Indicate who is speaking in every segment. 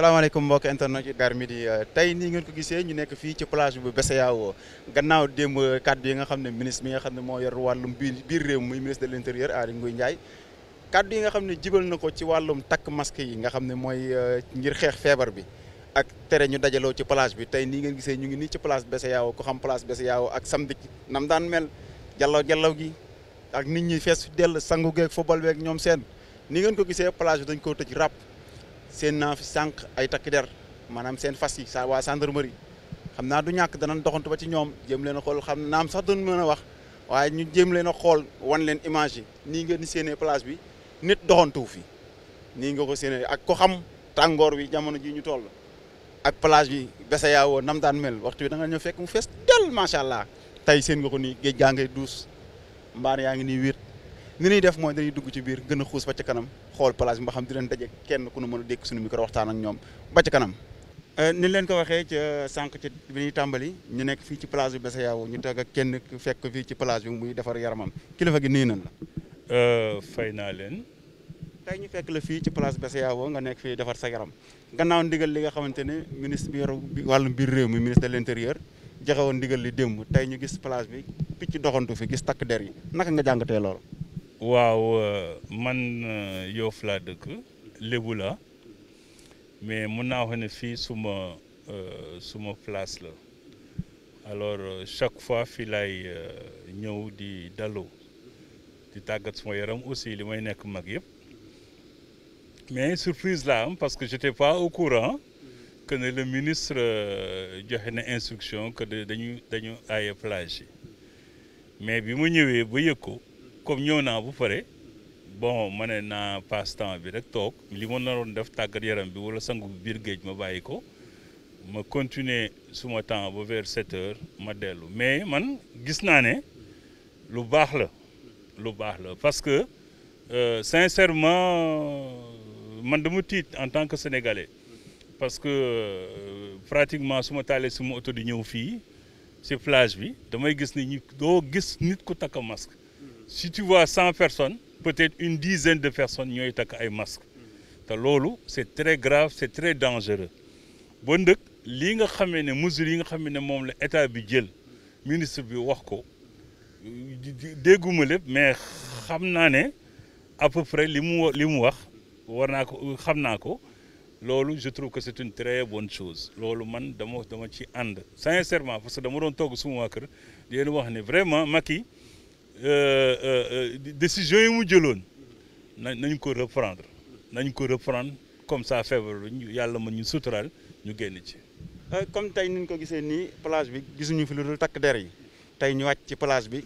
Speaker 1: salaamaaleykum mbokk internet yi Dakar Midi euh, tey nii ngeen ko gisee ñu nekk fii ci plage bu Besseyao gannaaw démb euh, kàddu yi nga xam ne ministre bi nga xam ne moo yor wàllum biir biir réew muy ministre de l'intérieur Aly Ngouille Ndiaye kàddu yi nga xam ne jibal na ko ci wàllum takk masque yi nga xam ne mooy euh, ngir xeex feebar bi ak tere ñu dajaloo ci palage bi tey nii ngeen gisee ñu ngi nii ci plage Besseyao ko xam plage Besseyao ak samedi nam daan mel jallaw jallaw gi ak nit ñi fees dell sangu geeg football beeg seen ni ngeen ko gisee plage dañ koo tëj ràpp seen naa fi sànq ay takk der maanaam seen fas yi sa waa gendarmerie xam naa du ñàkk danañ doxantu ba ci ñoom jëm leen a xool xam naam sax doon mën a wax waaye ñu jëm leen a xool wan leen image yi nii ngeen di séenee place bi nit doxantuwu fi nii nga ko séenee ak ko xam tàngoor wi jamono ji ñu toll ak plage bi bese yaawoo nam daan mel waxtu bi da nga ñëw fekk mu fees dell macha allah tey seen nga ko nii géej gaa ngay duus mbaar yaa ngi nii wiit ni ñuy def mooy dañuy dugg ci biir gën a xuus ba ca kanam xool place bi nga xam di leen daje kenn ku nu mën a dékk suñu micro waxtaan ak ñoom ba ca kanam. Euh, ni leen ko waxee ca sànq ci bi ñuy tàmbali ñu nekk fii ci place bi Bessayaaw ñu teg ak kenn fekk fii ci place bi muy defar yaramam kilifa gi nii nan la.
Speaker 2: Euh, fay naa leen.
Speaker 1: tey ñu fekk la fii ci place Bessayaaw nga nekk fii defar sa yaram gannaaw ndigal li nga xamante ne ministre bi yor wàllum biir réew mi ministre de l'intérieur joxe ndigal li démb tey ñu gis place bi picc fi gis takk der yi naka nga jàngatee loolu.
Speaker 2: waaw euh, man euh, Yoff laa dëkk Lébu la mais mun naa wax ne fii suma euh, suma place la alors chaque fois fii laay ñëw di dalu di tàggat suma yaram aussi li may nekk mag yëpp mais surprise laa am parce que j'étais pas au courant que ne le ministre joxe na instruction que dañu dañu aaye plage yi mais bi mu ñëwee ba yëg ko comme ñëw naa bu pare bon ma ne naa passe temps bi rek toog li ma naroon def tàggat yaram bi wala sangu biir géej ma bàyyi ko ma continuer suma temps ba vers 7 ma dellu mais man gis naa ne lu baax la lu baax la parce que euh, sincèrement man dama tiit en tant que sénégalais parce que euh, pratiquement suma taalee suma oto di ñëw fii ci plage bi damay gis ni ñu doo gis nit ku takk masque si tu vois cent personnes peut-être une dizaine de personnes ñooy takk ay masques te loolu c'est très grave c'est très dangereux ba ndëkk lii nga xamee ne mesures yi nga xamee ne moom la état bi jël ministre bi wax ko dégguma lépp mais xam naa ne à près li mu li mu wax war naa ko xam naa ko loolu je trouve que c'est une très bonne chose loolu man dama dama ci ànd sincèrement parce que dama doon togg suma waa kër di leen wax ne vraiment Macky Euh, euh, euh, décision yi mu jëloon na nañ ko reprendre nañ ko reprendre comme sa feebar ñu yàlla mën ñu suturaal ñu génn ci.
Speaker 1: comme tey ni ñu ko gisee nii plage bi gisuñu fi lu dul takk der yi tey ñu wàcc ci plage bi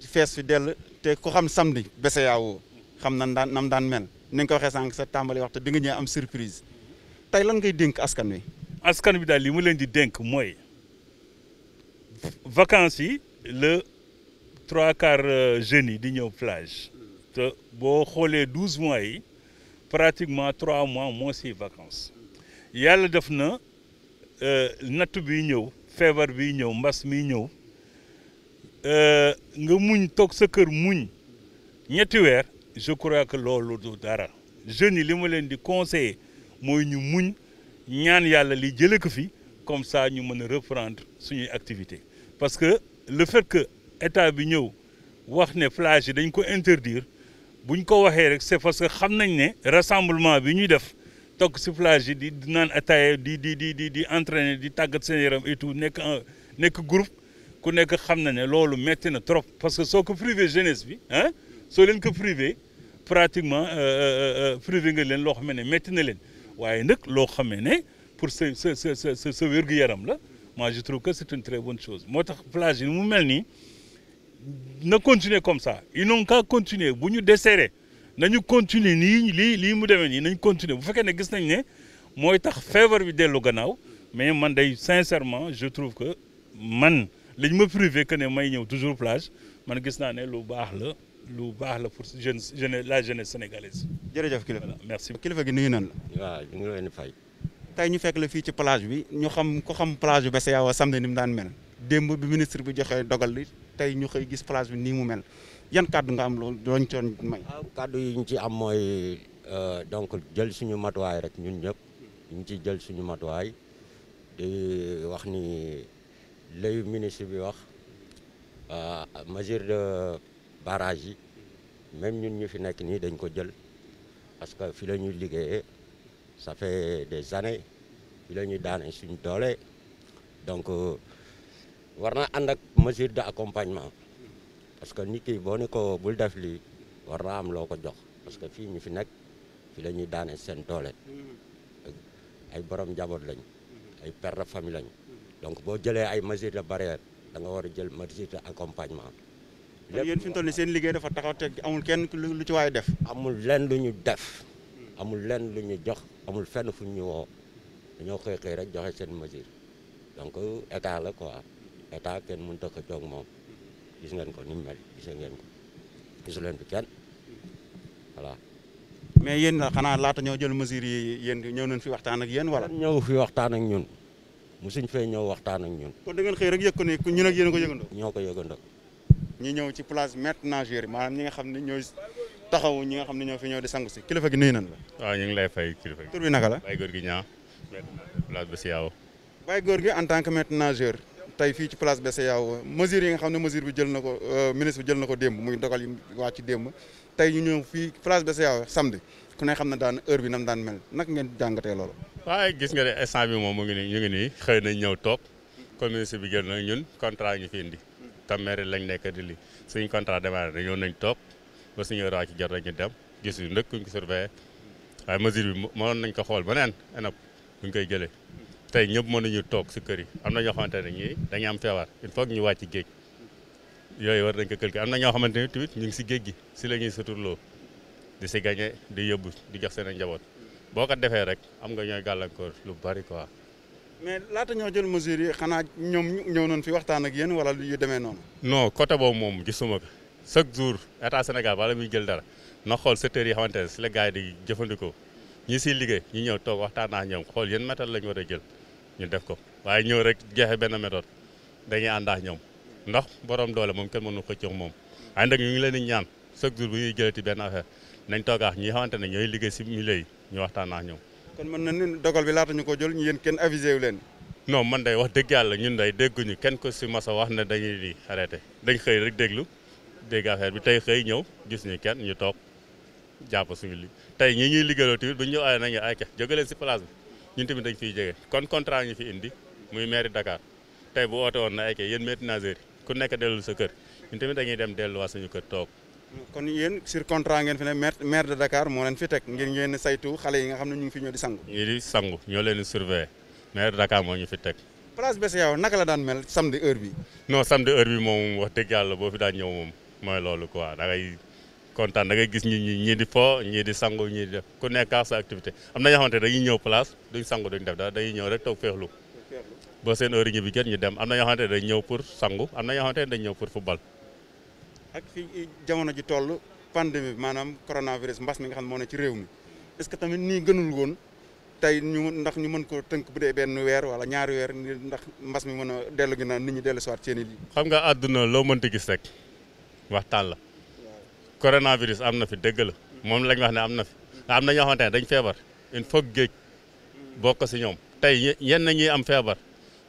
Speaker 1: fees fi dell te ku xam samedi bese yaawoo xam nan daan nam daan mel ni nga ko waxee sànq sa tàmbali waxtu bi nga
Speaker 2: ñëw am surprise tey lan ngay dénk askan wi. askan bi daal li ma leen di dénk mooy vacances yi le. trois quarts euh, jeunes yi di ñëw plage te boo xoolee douze mois yi pratiquement trois mois moo si vacances yàlla def na euh, natt bi ñëw feebar bi ñëw mbas mi ñëw euh, nga muñ toog sa kër muñ ñetti weer je crois que loolu du dara jeunes yi li ma leen di conseiller mooy ñu muñ ñaan yàlla li jële ko fi comme ça ñu mën a reprendre suñuy activité parce que le fait que état bi ñëw wax ne plage yi dañ ko interdire buñ ko waxee rek c'est parce que xam nañ ne rassemblement bi ñuy def toog si plage yi di naan ataaya di di di di di entraîner di tàggat seen yaram et tout nekk nekk groupe ku nekk xam na ne loolu metti na trop parce que soo ko privé jeunesse bi ah soo leen ko privé pratiquement euh, euh, euh, privé nga leen loo xam ne metti na leen waaye nag loo xamee ne pour sa sa sa sa wér-gu-yaram la moi je trouve que c'est une très bonne chose moo tax plage mu mel nii na continuer comme ça ils n'ont qu'à continuer bu ñu desserrer nañu continuer nii lii lii mu demee nii nañ continuer bu fekkee ne gis nañ ne mooy tax feebar bi dellu gannaaw mais man day sincèrement je trouve que man li ñu ma privé que ne may ñëw toujours plage man gis naa ne lu baax la lu baax la pour jeune jeune la jeunesse sénégalaise. jërëjëf kilifa merci. kilifa gi nuyu nan
Speaker 1: la. waaw ñu ngi leen di fay. tey ñu fekk la fii ci palage bi ñu xam ko xam plage bi Bessaya wa samedi ni mu daan mel démb bi ministre bi joxe dogal li tey ñu xëy gis place bi nii mu mel yan kàddu nga am loolu dooñ toon may. waaw
Speaker 3: ah, kàddu yi ñu ci am mooy euh, donc jël suñu matuwaay rek ñun ñëpp ñu ci jël suñu matuwaay di wax ni lay ministre bi wax euh, mesure de barrage yi même ñun ñu fi nekk nii dañ ko jël parce que fi la ñuy liggéeyee ça fait des années fi la ñuy daane suñu doole euh, war naa ànd ak mesure d'accompagnement parce que nit ki boo ne ko bul def lii war naa am loo ko jox parce que fii ñu fi nekk fii la ñuy daane seen doole ay borom njaboot lañ ay père de famille lañ donc boo jëlee ay mesures la barrière da nga war a jël mesure d'accompagnement. lépp yéen fi mu toll nii seen liggéey dafa taxaw te amul kenn lu ci waay def. amul leen lu ñu def amul lenn lu ñu jox amul fenn fu ñu woo dañoo xëy xëy rek joxe seen mesure donc état la quoi. état kenn mënut a ko jox moom gis ngeen ko ni mu mel gis ngeen ko gisu leen fi kenn voilà. mais yéen xanaa laata ñoo jël mesures yi yéen ñëw nañ fi waxtaan ak yéen wala. ñëw fi waxtaan ak ñun mosuñ fee ñëw waxtaan ak ñun.
Speaker 1: kon da ngeen xëy rek yëg ko ne ñun ak yéen a ko yëgandoo.
Speaker 3: ñoo ko yëgandoo.
Speaker 1: ñi ñëw ci place maître nageur maanaam ñi nga xam ne ñooy taxaw ñi nga xam ne ñoo fi ñëw di sangu si kilifa gi nuyu nañ la.
Speaker 4: waaw ñu ngi lay fay kilifa gi. tur bi naka la. Baye Góor gi ñaa. place ba si yaaw.
Speaker 1: Baye Góor gi en tant que maître nageur tey fii ci place BCEAO mesure yi nga xam ne mesure bi jël na ko euh, ministre bi jël na ko démb muy dogal yi wàcc ci démb tey ñu ñëw fii place BCEAO samedi ku ne xam ne daan heure bi nam daan mel naka ngeen jàngatee loolu.
Speaker 4: waaye gis nga ne instant bi moom mu ngi nii ñu ngi nii xëy na ñëw toog comme bi gën na ñun contrat ñu fi indi. tam mairie lañ nekk di li suñ contrat démarré na ñëw nañ toog ba suñu heure wàcc jot rek ñu dem gis ñu ndëkk ñu waaye mesure bi mënoon nañ ko xool beneen ENAP buñ koy jëlee. tey ñëpp ñu toog si kër yi am na ñoo xamante ne ñii dañu am feebar il faut ñu wàcc géej yooyu war nañ ko kër calculer am na ñoo xamante ne tamit ñu ngi si géej gi si la ñuy suturloo di si gañe di yóbbu di jox seen njaboot boo ko defee rek am nga ñooy gàllankoor lu bari quoi.
Speaker 1: mais laata ñoo jël mesure yi xanaa ñoom ñëw nañ fi waxtaan ak yéen wala yu demee noonu.
Speaker 4: non côté boobu moom gisuma ko chaque jour état Sénégal bala muy jël dara na xool secteur yi xamante ne si la gars yi jëfandikoo ñi siy liggéey ñu ñëw toog waxtaan naa ñoom xool yéen métal lañ war a jël ñu def ko waaye ñëw rek joxe benn méthode dañuy ànd ak ñoom ndax borom doole moom kenn mënu xëccoo moom waaye nag ñu ngi leen di ñaan chaque jour bu ñuy jëlati benn affaire nañ toog ak ñi ne ñooy liggéey si milieu yi ñu waxtaan ak ñoom.
Speaker 1: kon mën na ni dogal bi laata ñu ko jël ñu yéen kenn avisé wu leen.
Speaker 4: non man day wax dëgg yàlla ñun day dégguñu kenn ko si masa wax ne dañuy di arrêté dañ xëy rek déglu dégg affaire bi tey xëy ñëw gis ñu kenn ñu toog jàpp suñu li tey ñi ñuy liggéeyaloo tamit bu ñu ñëw ay nañu ay ke jóge leen si place ñun tamit dañ fiy jógee kon contrat ñu fi indi muy mair mairie Dakar tey bu oote woon na ay kay yéen métnageurs yi ku nekk dellu sa kër ñun tamit dañuy dem dellu delluwaat suñu kër toog.
Speaker 1: kon yéen sur contrat ngeen fi ne maire maire de Dakar moo leen fi teg ngir ngeen saytu xale yi nga xam ne ñu ngi fi ñoo di sangu.
Speaker 4: ñu di sangu ñoo leen di surveiller de Dakar moo ñu fi teg.
Speaker 1: place BCEAO naka la daan mel sam samedi heure bi
Speaker 4: non samedi heure bi moom wax dëgg yàlla boo fi daan ñëw moom mooy loolu quoi dangay. kontaan da ngay gis ñi ñii di foo ñii di sangu ñii di def ku nekk sa activité am na ñoo xamante ne ñëw place duñ sangu duñ def dara dañuy ñëw rek toog féexlu boo seen heure bi ñibbi ñu dem am na ñoo xamante ne ñëw pour sangu am na ñoo xamante ne dañ ñëw pour football.
Speaker 1: ak fi eh, jamono ji toll pandémie bi maanaam coronavirus mbas mi nga xam ne moo ne ci réew mi est que tamit nii gënul woon tey ñu ndax ñu mën ko tënk bu dee benn weer wala ñaari weer ndax mbas mi mën a dellu ginnaaw nit ñi dellu si waat seen i.
Speaker 4: xam nga àdduna loo mënti gis rek waxtaan la coronavirus am na fi dëgg la moom lañ wax ne am na fi am na ñoo xamante ne dañ feebar il faut géej bokk si ñoom tey yenn ñuy am feebar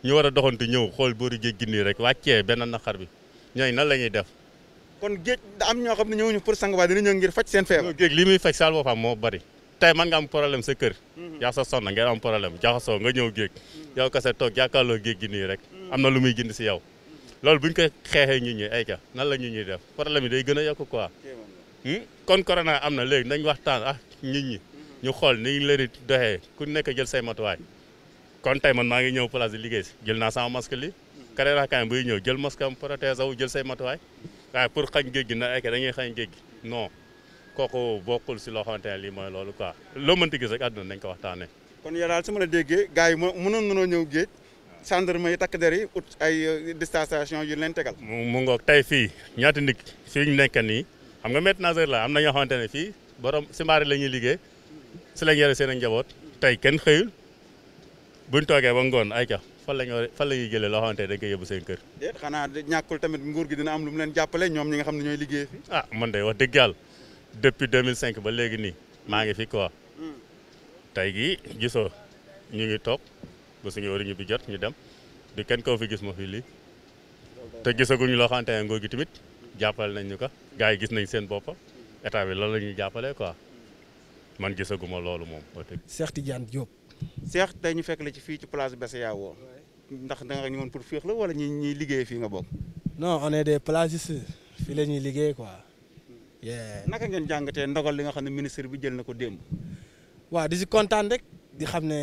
Speaker 4: ñu war a doxantu ñëw xool booru géej gi nii rek wàccee benn naqar bi ñooy nan la ñuy def.
Speaker 1: kon géej am ñoo
Speaker 4: xam ne ñëwuñu pour sanguwaay dina ñëw ngir faj seen feebar. géej li muy faj saal boppam moo bari tey man nga am problème sa kër. Mm-hmm. yaa sa sonn ngeen am problème jaxasoo nga ñëw géej. Mm-hmm. yow kese toog jàkkaarloo géej gi nii rek am na lu muy gindi si yow. Mm-hmm. loolu bu ñu ko xeexee ñun ñi ay ca nan la ñu ñuy def problème day gën a yokk quoi Hmm? kon corona am na léegi nañ waxtaan ah nit ñi ñu xool ni ñu leen di doxee ku nekk jël say matuwaay kon tey man maa ngi ñëw place di liggéey si jël naa sama masque li Karera Kane buy ñëw jël masque am protège aw jël say matuwaay waaye pour xañ géej gi na ay dañuy xañ géej gi non kooku bokkul si loo xamante ne lii mooy loolu quoi loo mënti gis a àdduna nañ ko
Speaker 1: kon yow daal su ma la déggee gars yi mënoon nañoo ñëw géej gendarme yi takk der yi ut ay euh, distanciation
Speaker 4: xam nga maître nageur am na ñoo xamante ne fii borom si mbaari la ñuy liggéey si lañ yore seen ak njaboot tey kenn xëyul buñ toogee ba ngoon ay ca fan la ñoo fan la ñuy jëlee loo xamante ne dañ koy yóbbu seen kër.
Speaker 1: déet xanaa ñàkkul tamit nguur gi dina am lu mu leen jàppale ñoom ñi nga xam ne ñooy liggéey ah
Speaker 4: man de wax dëgg yàlla depuis cinq ba léegi nii maa ngi fi quoi hmm. tey gi gisoo ñu ngi toog ba suñu wariñu bi jot ñu dem di kenn kaw fi gis moo fi lii te gisaguñu loo xamante ne nguur tamit. jàppale nañ ñu ko gars yi gis nañ seen bopp état bi loolu la ñuy jàppalee quoi man gisaguma loolu moom. ti
Speaker 5: Tidiane Diop.
Speaker 1: Cheikh te ñu fekk la ci fii ci place Bessayawoo ndax da nga ñëwoon pour féex la wala ñi ñuy liggéey fii nga bokk.
Speaker 5: non on des plagistes fii la ñuy liggéey quoi.
Speaker 1: naka ngeen jàngatee ndogal li nga xam ne ministre bi jël na ko démb.
Speaker 5: waa di si kontaan rek di xam ne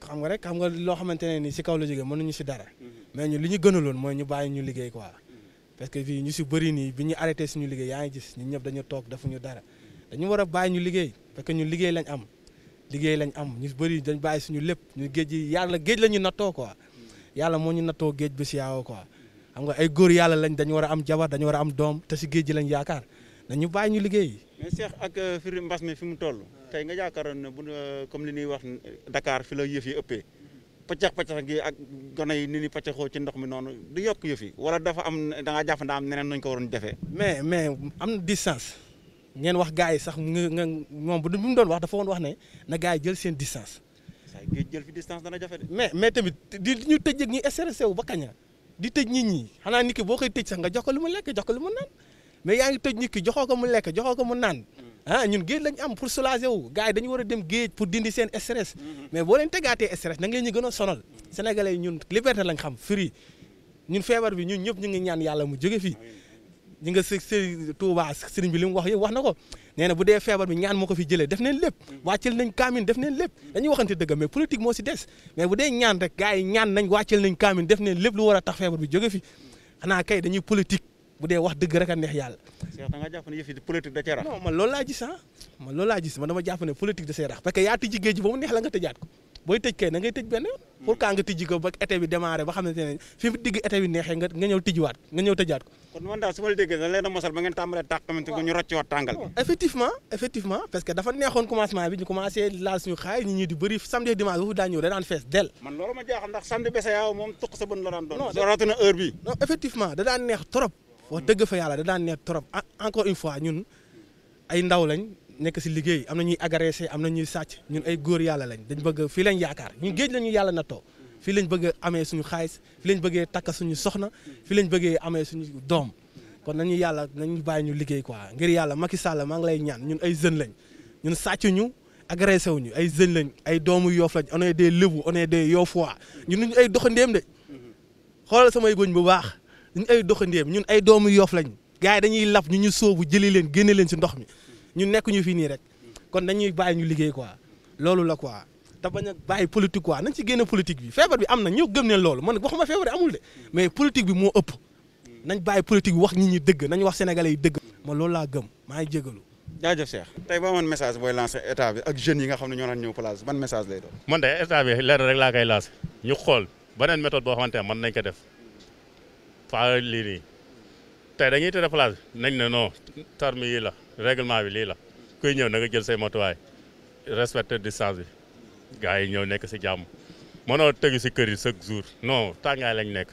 Speaker 5: xam nga rek xam nga loo xamante ne ni si kaw la jógee mënuñu si dara. Mm-hmm. mais ñu li ñu gënaloon mooy ñu bàyyi ñu liggéey quoi. parce que fii ñu si bëri nii bi ñu arrêté suñu liggéey yaa ngi gis ñun ñëpp dañu toog defuñu dara dañu war a bàyyi ñu liggéey parce que ñu liggéey lañ am liggéey lañ am ñu bëri dañ bàyyi suñu lépp ñu géej yi yàlla géej la ñu nattoo quoi yàlla moo ñu nattoo géej bi si yaaw quoi xam nga ay góor yàlla lañ dañu war a am jabar dañu war a am doom te si géej ji lañ yaakaar dañu bàyyi ñu liggéey.
Speaker 1: mais Cheikh ak euh, firi mbas mi fi mu toll. tey nga yaakaaroon ne bu euh, comme li ñuy wax Dakar fi la yëf ëppee paccax paccax gi ak gone yi ni ni paccaxoo ci ndox mi noonu du yokk yëf yi wala dafa am da ngaa jàpp am neneen nuñ ko waroon defee.
Speaker 5: mais mais am distance ngeen wax gars yi sax nga nga moom bu mu doon wax dafa woon wax ne na gars yi jël seen distance. géej jël fi distance dana jafe de. mais mais tamit di ñu tëj ak ñi stressé wu ba kaña di tëj nit ñi xanaa nit ki boo koy tëj sax nga jox ko lu mu lekk jox ko lu mu naan mais yaa ngi tëj nit ki ko mu lekk joxoo ko mu naan. ah ñun géej lañ am pour soulager wu gars yi dañu war a dem géej pour dindi seen stress mhm. mais boo leen tegaatee stress da ngeen ñu gën a sonal sénégalais yi ñun liberté lañ xam bi ñun ñëpp ñu ngi ñaan yàlla mu jóge fii ñi nga së së Touba sëriñ li mu wax yëpp wax na ko nee na bu dee feebar bi ñaan moo fi jëlee def neen lépp mhm. wàccel nañ kaamin def neen lépp dañuy waxante dëgg mais politique moo si des mais bu dee ñaan rek gars yi ñaan nañ wàccel nañ kaamin def neen lépp lu war a tax feebar bi jóge fi xanaa kay dañuy politique bu dee wax dëgg rek a neex yàlla. Cheikh da nga jàpp ne yëf yi politique da cee rax. non man loolu laa gis ah man loolu laa gis man dama jàpp ne politique da cee rax parce que yaa tijji géej gi ba mu neex la nga tëjaat ko booy tëj kay na ngay tëj benn yoon. pourquoi nga tijji ko ba été bi démarré ba xamante ne fi mu digg été bi neexee nga nga ñëw tijjiwaat nga ñëw tëjaat ko.
Speaker 1: kon man daal su ma la déggee da leen a mosal ba ngeen tàmbalee tàqamante ñu rocciwaat tàngal bi.
Speaker 5: effectivement effectivement parce que dafa neexoon commencement bi ñu commencé laal suñu xaay ñu ñi di bëri samedi dimanche boobu daa ñëw da daan fees del man
Speaker 1: loolu ma jaaxal ndax samedi bese yaaw moom tuq sa bën la daan doon. rawatina
Speaker 5: heure bi non effectivement da daan neex trop wax dëgg fa yàlla da daan neex trop encore une fois ñun ay ndaw lañ nekk si liggéey am na ñuy agressé am na ñuy sàcc ñun ay góor yàlla lañ dañ bëgg fii lañ yaakaar ñun géej lañu yàlla na nattoo fii lañ bëgg amee suñu xaalis fii lañ bëggee takk suñu soxna fii lañ bëggee amee suñu doom kon nañu yàlla nañu bàyyi ñu liggéey quoi ngir yàlla Macky Sall maa ngi lay ñaan ñun ay jeunes lañ ñun sàccuñu agressé wuñu ay jeunes lañ ay doomu yoof lañ on est des Lebu on est des Yofois ñun ñu ay doxandéem de samay goñ bu baax ñun ay doxandéem ñun ay doomu yoof lañ gars yi dañuy lab ñu ñu sóobu jëli leen génne leen ci ndox mi ñu nekk ñu fi nii rek kon dañuy bàyyi ñu liggéey quoi loolu la quoi te bañ a bàyyi politique quoi nañ ci génne politique bi feebar bi am na ñëw gëm ne loolu man waxuma feebar amul de mais politique bi moo ëpp nañ bàyyi wax nit yi dëgg ma loolu laa gëm maa ngi jégalu
Speaker 1: jaajëf Cheikh tey boo amoon message booy ak jeunes yi nga xam ne ñoo naan ñëw place ban message lay doon
Speaker 4: man de état bi leer rek laa koy lancé ñu xool beneen méthode boo xamante ne mën nañ ko def pas lii nii tey dañuy tere place nañ na non terme yii la règlement bi lii la kuy ñëw na nga jël say matuwaay respecter distance bi gars yi ñëw nekk si jàmm mënoo tëgg si kër yi chaque jour non tàngaay lañ nekk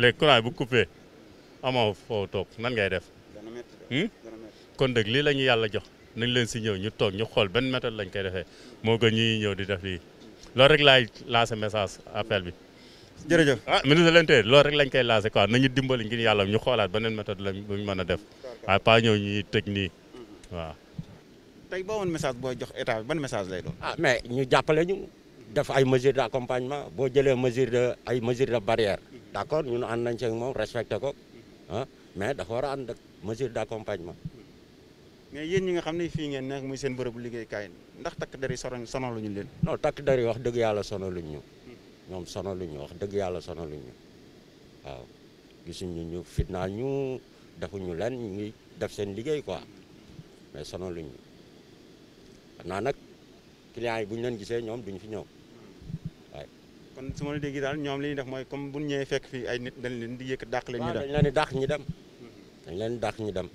Speaker 4: léegi courant bu coupé amoo foo toog nan ngay def hmm? kon dëgg lii lañu yàlla jox nañ leen si ñëw ñu toog ñu xool benn méthode lañ koy defee moo gën ñuy ñëw di def lii loolu rek laay lancer message appel bi jërëjëf ah ministre de l'intérieur loolu rek lañ koy lancé quoi nañu dimbali ngir yàlla ñu xoolaat beneen méthode la bu ñu mën a def waaye pas ñëw ñuy teg nii waaw.
Speaker 1: tey ba woon message booy jox état bi ban message lay doon. ah mais
Speaker 3: ñu jàppale ñu def ay mesures d'accompagnement boo jëlee mesure de ay mesures de barrière d'accord ñun ànd nañ ci ak moom respecté ko ah mais dafa war a ànd ak mesure d'accompagnement. mais yéen ñi nga xam ne fii ngeen nekk muy seen bërëbu kaay ndax takk der yi sonaluñu leen. non takk wax dëgg yàlla sonaluñ ñu. ñoom sonaluñu wax dëgg yàlla sonaluñu waaw gisuñu ñu fitnaal ñu defuñu leen ñu ngi def seen liggéey quoi mais sonaluñu naan nag clients yi bu ñu leen gisee ñoom duñ fi ñëw waaye. kon su ma la daal ñoom li ñuy def mooy comme bu ñu ñëwee fekk fii ay nit dañ leen di yëkkat dàq leen. ñu dem dañ leen di dàq ñu dem. dañ leen di ñu dem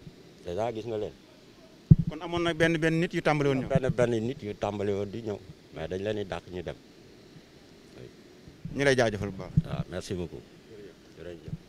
Speaker 3: déjà gis nga leen. kon amoon na benn
Speaker 1: benn nit yu tàmbali woon
Speaker 3: ñëw benn nit yu tàmbali di ñëw mais dañ leen di dàq ñu dem. ñu lay jaajëfal bu baax. waaw ah, merci beaucoup. jërëjëf.